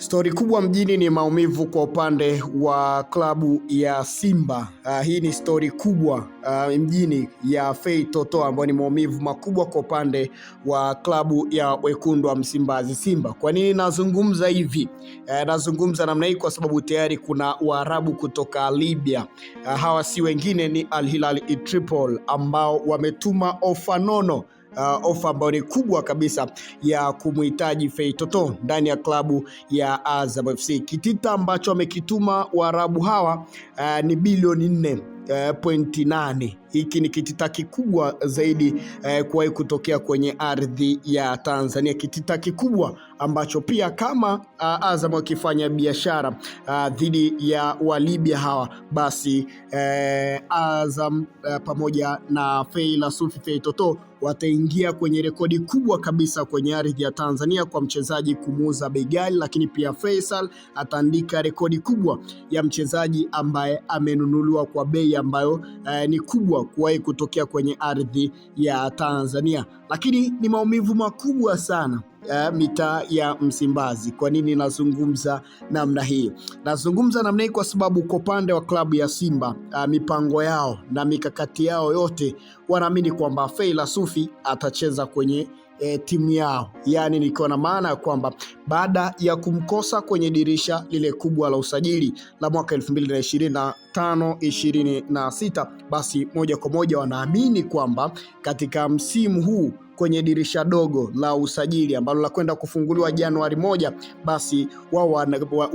Stori kubwa mjini ni maumivu kwa upande wa klabu ya Simba. Uh, hii ni stori kubwa uh, mjini ya Fei Toto ambayo ni maumivu makubwa kwa upande wa klabu ya wekundu wa Msimbazi Simba. Kwa nini nazungumza hivi? Uh, nazungumza namna hii kwa sababu tayari kuna Waarabu kutoka Libya. Uh, hawa si wengine ni Al Hilal Tripoli ambao wametuma ofa nono uh, ofa ambayo ni kubwa kabisa ya kumhitaji Fei Toto ndani ya klabu ya Azam FC. Kitita ambacho amekituma Waarabu hawa uh, ni bilioni 4.8 hiki ni kitita kikubwa zaidi eh, kuwahi kutokea kwenye ardhi ya Tanzania, kitita kikubwa ambacho pia kama uh, Azam wakifanya biashara uh, dhidi ya Walibya hawa basi eh, Azam uh, pamoja na Feila Sufi Fei Toto wataingia kwenye rekodi kubwa kabisa kwenye ardhi ya Tanzania kwa mchezaji kumuuza bei ghali, lakini pia Faisal ataandika rekodi kubwa ya mchezaji ambaye amenunuliwa kwa bei ambayo eh, ni kubwa kuwahi kutokea kwenye ardhi ya Tanzania, lakini ni maumivu makubwa sana eh, mitaa ya Msimbazi. Kwa nini nazungumza namna hii? Nazungumza namna hii kwa sababu kwa upande wa klabu ya Simba a, eh, mipango yao na mikakati yao yote wanaamini kwamba Feila Sufi atacheza kwenye e, timu yao, yaani nikiwa na maana ya kwamba baada ya kumkosa kwenye dirisha lile kubwa la usajili la mwaka 2025 26, basi moja kwa moja wanaamini kwamba katika msimu huu kwenye dirisha dogo la usajili ambalo la kwenda kufunguliwa Januari moja, basi wao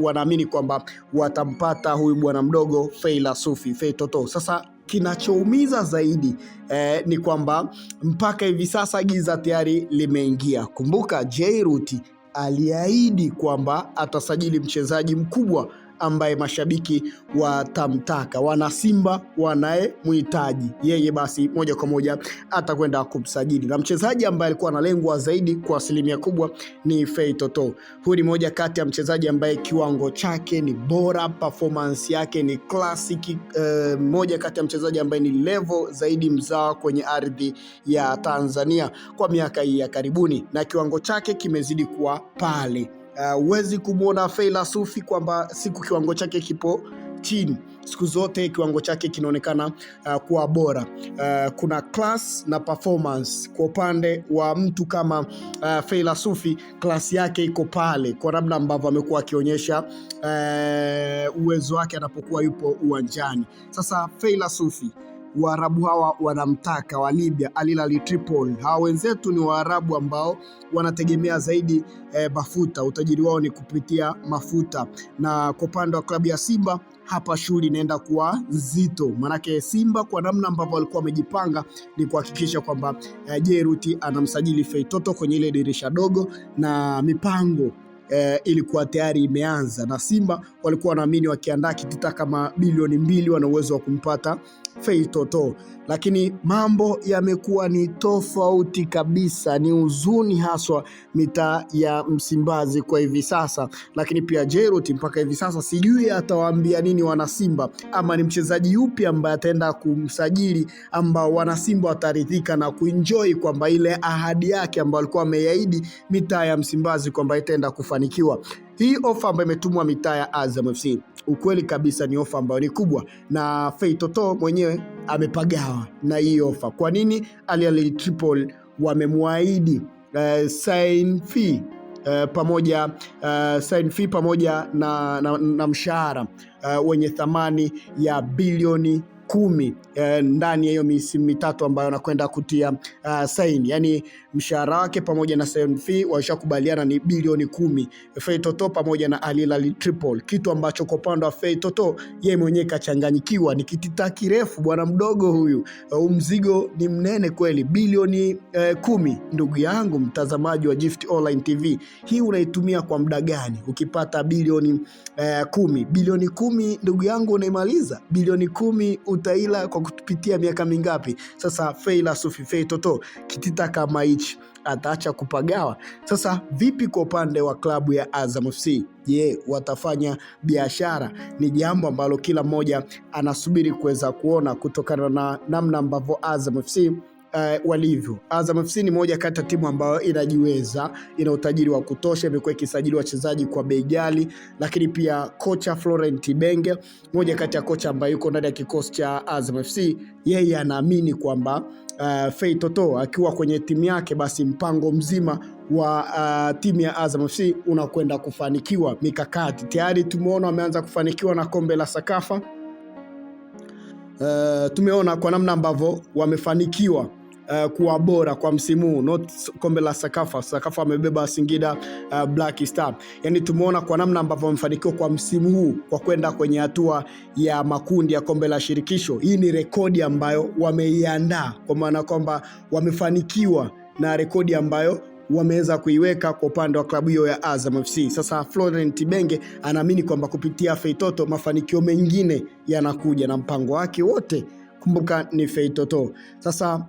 wanaamini kwamba watampata huyu bwana mdogo Fei Lasufi Fei Toto. Sasa kinachoumiza zaidi eh, ni kwamba mpaka hivi sasa giza tayari limeingia. Kumbuka ruti aliahidi kwamba atasajili mchezaji mkubwa ambaye mashabiki watamtaka, wana Simba wanayemhitaji yeye, basi moja kwa moja atakwenda kumsajili, na mchezaji ambaye alikuwa analengwa zaidi kwa asilimia kubwa ni Fei Toto. Huyu ni moja kati ya mchezaji ambaye kiwango chake ni bora, performance yake ni klasiki. Uh, eh, moja kati ya mchezaji ambaye ni level zaidi mzawa kwenye ardhi ya Tanzania kwa miaka hii ya karibuni, na kiwango chake kimezidi kuwa pale. Eh, huwezi uh, kumwona Fela Sufi kwamba siku kiwango chake kipo chini. Siku zote kiwango chake kinaonekana uh, kuwa bora. Uh, kuna class na performance. Kwa upande wa mtu kama uh, Fela Sufi, class yake iko pale kwa namna ambavyo amekuwa akionyesha uh, uwezo wake anapokuwa yupo uwanjani. Sasa Fela Sufi Waarabu hawa wanamtaka wa Libya Al Hilal Tripoli. Hawa wenzetu ni Waarabu ambao wanategemea zaidi eh, mafuta. Utajiri wao ni kupitia mafuta, na kwa upande wa klabu ya Simba hapa shughuli inaenda kuwa nzito, maanake Simba kwa namna ambavyo walikuwa wamejipanga ni kuhakikisha kwamba eh, Jeruti anamsajili Feitoto kwenye ile dirisha dogo na mipango E, ilikuwa tayari imeanza na Simba walikuwa wanaamini wakiandaa kitita kama bilioni mbili wana uwezo wa kumpata feitoto, lakini mambo yamekuwa ni tofauti kabisa. Ni huzuni haswa mitaa ya Msimbazi kwa hivi sasa, lakini pia Jerot mpaka hivi sasa sijui atawaambia nini wanasimba, ama ni mchezaji upi ambaye ataenda kumsajili ambao wanasimba wataridhika na kuenjoy kwamba ile ahadi yake ambayo alikuwa ameahidi mitaa ya Msimbazi kwamba itaenda kufanikiwa. Hii ofa ambayo imetumwa mitaa ya Azam FC ukweli kabisa ni ofa ambayo ni kubwa, na Fei Toto mwenyewe amepagawa na hii ofa. Kwa nini? Al Ahly Tripoli wamemwaahidi uh, eh, sign fee uh, pamoja uh, sign fee pamoja na, na, na mshahara uh, wenye thamani ya bilioni kumi eh, ndani ya hiyo misimu mitatu ambayo anakwenda kutia uh, saini. Yani mshahara wake pamoja na sign fee washakubaliana ni bilioni kumi. Fei Toto pamoja na Al Hilal Tripoli, kitu ambacho kwa upande wa Fei Toto yeye mwenyewe kachanganyikiwa, ni kitita kirefu bwana mdogo huyu, uh, mzigo ni mnene kweli, bilioni eh, kumi. Ndugu yangu mtazamaji wa Gift Online TV, hii unaitumia kwa muda gani? Ukipata bilioni eh, kumi, bilioni kumi ndugu yangu unaimaliza bilioni kumi utaila kwa kupitia miaka mingapi? Sasa sufi fei toto kitita kama hichi ataacha kupagawa. Sasa vipi kwa upande wa klabu ya Azam FC? Je, watafanya biashara? Ni jambo ambalo kila mmoja anasubiri kuweza kuona kutokana na namna ambavyo Azam FC uh, walivyo. Azam FC ni moja kati ya timu ambayo inajiweza, ina utajiri wa kutosha, imekuwa ikisajili wachezaji kwa bei ghali, lakini pia kocha Florent Ibenge, moja kati ya kocha ambaye yuko ndani ya kikosi cha Azam FC, yeye anaamini kwamba uh, Fei Toto akiwa kwenye timu yake, basi mpango mzima wa uh, timu ya Azam FC unakwenda kufanikiwa. Mikakati tayari tumeona wameanza kufanikiwa na kombe la Sakafa. Uh, tumeona kwa namna ambavyo wamefanikiwa uh, kuwa bora kwa msimu huu, not kombe la Sakafa. Sakafa amebeba Singida uh, Black Star. Yani tumeona kwa namna ambavyo amefanikiwa kwa msimu huu kwa kwenda kwenye hatua ya makundi ya kombe la shirikisho. Hii ni rekodi ambayo wameiandaa, kwa maana kwamba wamefanikiwa na rekodi ambayo wameweza kuiweka kwa upande wa klabu hiyo ya Azam FC. Sasa Florent Benge anaamini kwamba kupitia Feitoto mafanikio mengine yanakuja na mpango wake wote, kumbuka ni Feitoto. Sasa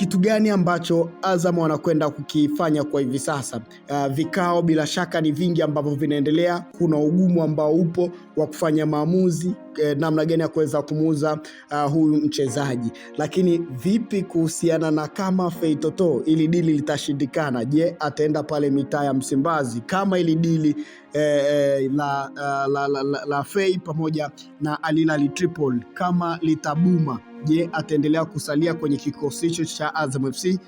kitu gani ambacho Azam wanakwenda kukifanya kwa hivi sasa? Uh, vikao bila shaka ni vingi ambavyo vinaendelea. Kuna ugumu ambao upo wa kufanya maamuzi eh, namna gani ya kuweza kumuuza uh, huyu mchezaji, lakini vipi kuhusiana na kama Fei Toto ili dili litashindikana? Je, ataenda pale mitaa ya Msimbazi kama ili dili eh, eh la, ah, la, la, la, la Fei pamoja na Al Tripoli kama litabuma Je, ataendelea kusalia kwenye kikosi hicho cha Azam FC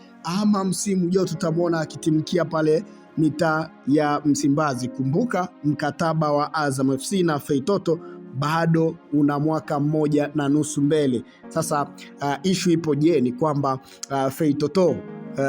ama msimu ujao tutamwona akitimkia pale mitaa ya Msimbazi? Kumbuka mkataba wa Azam FC na Feitoto bado una mwaka mmoja na nusu mbele. Sasa uh, ishu ipo, je, ni kwamba uh, Feitoto uh,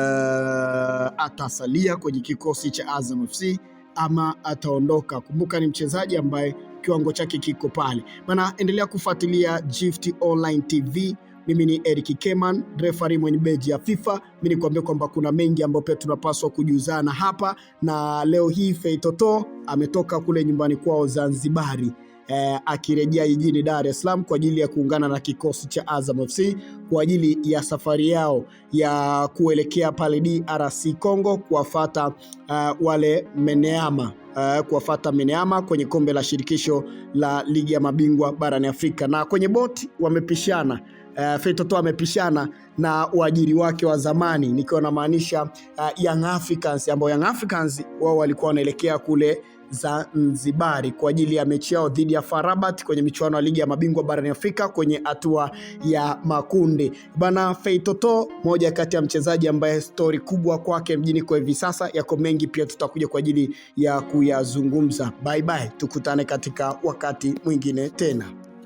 atasalia kwenye kikosi cha Azam FC ama ataondoka. Kumbuka ni mchezaji ambaye kiwango chake kiko pale. Maana endelea kufuatilia Gift Online TV. Mimi ni Eric Keman, refari mwenye beji ya FIFA. Mi nikuambia kwamba kuna mengi ambayo pia tunapaswa kujuzana hapa, na leo hii Feitoto ametoka kule nyumbani kwao Zanzibari eh, akirejea jijini Dar es Salaam kwa ajili ya kuungana na kikosi cha Azam FC kwa ajili ya safari yao ya kuelekea pale DRC Congo kuwafata uh, wale Meneama uh, kuwafata Meneama kwenye kombe la shirikisho la ligi ya mabingwa barani Afrika, na kwenye boti wamepishana. Uh, eh, Feitoto amepishana na waajiri wake wa zamani, nikiwa namaanisha uh, Young Africans, ambao Young Africans wao walikuwa wanaelekea kule Zanzibari kwa ajili ya mechi yao dhidi ya Farabat kwenye michuano ya ligi ya mabingwa barani Afrika kwenye hatua ya makundi. Bana Feitoto, moja kati ya mchezaji ambaye stori kubwa kwake mjini kwa hivi sasa, yako mengi pia tutakuja kwa ajili ya kuyazungumza. Bye bye, tukutane katika wakati mwingine tena.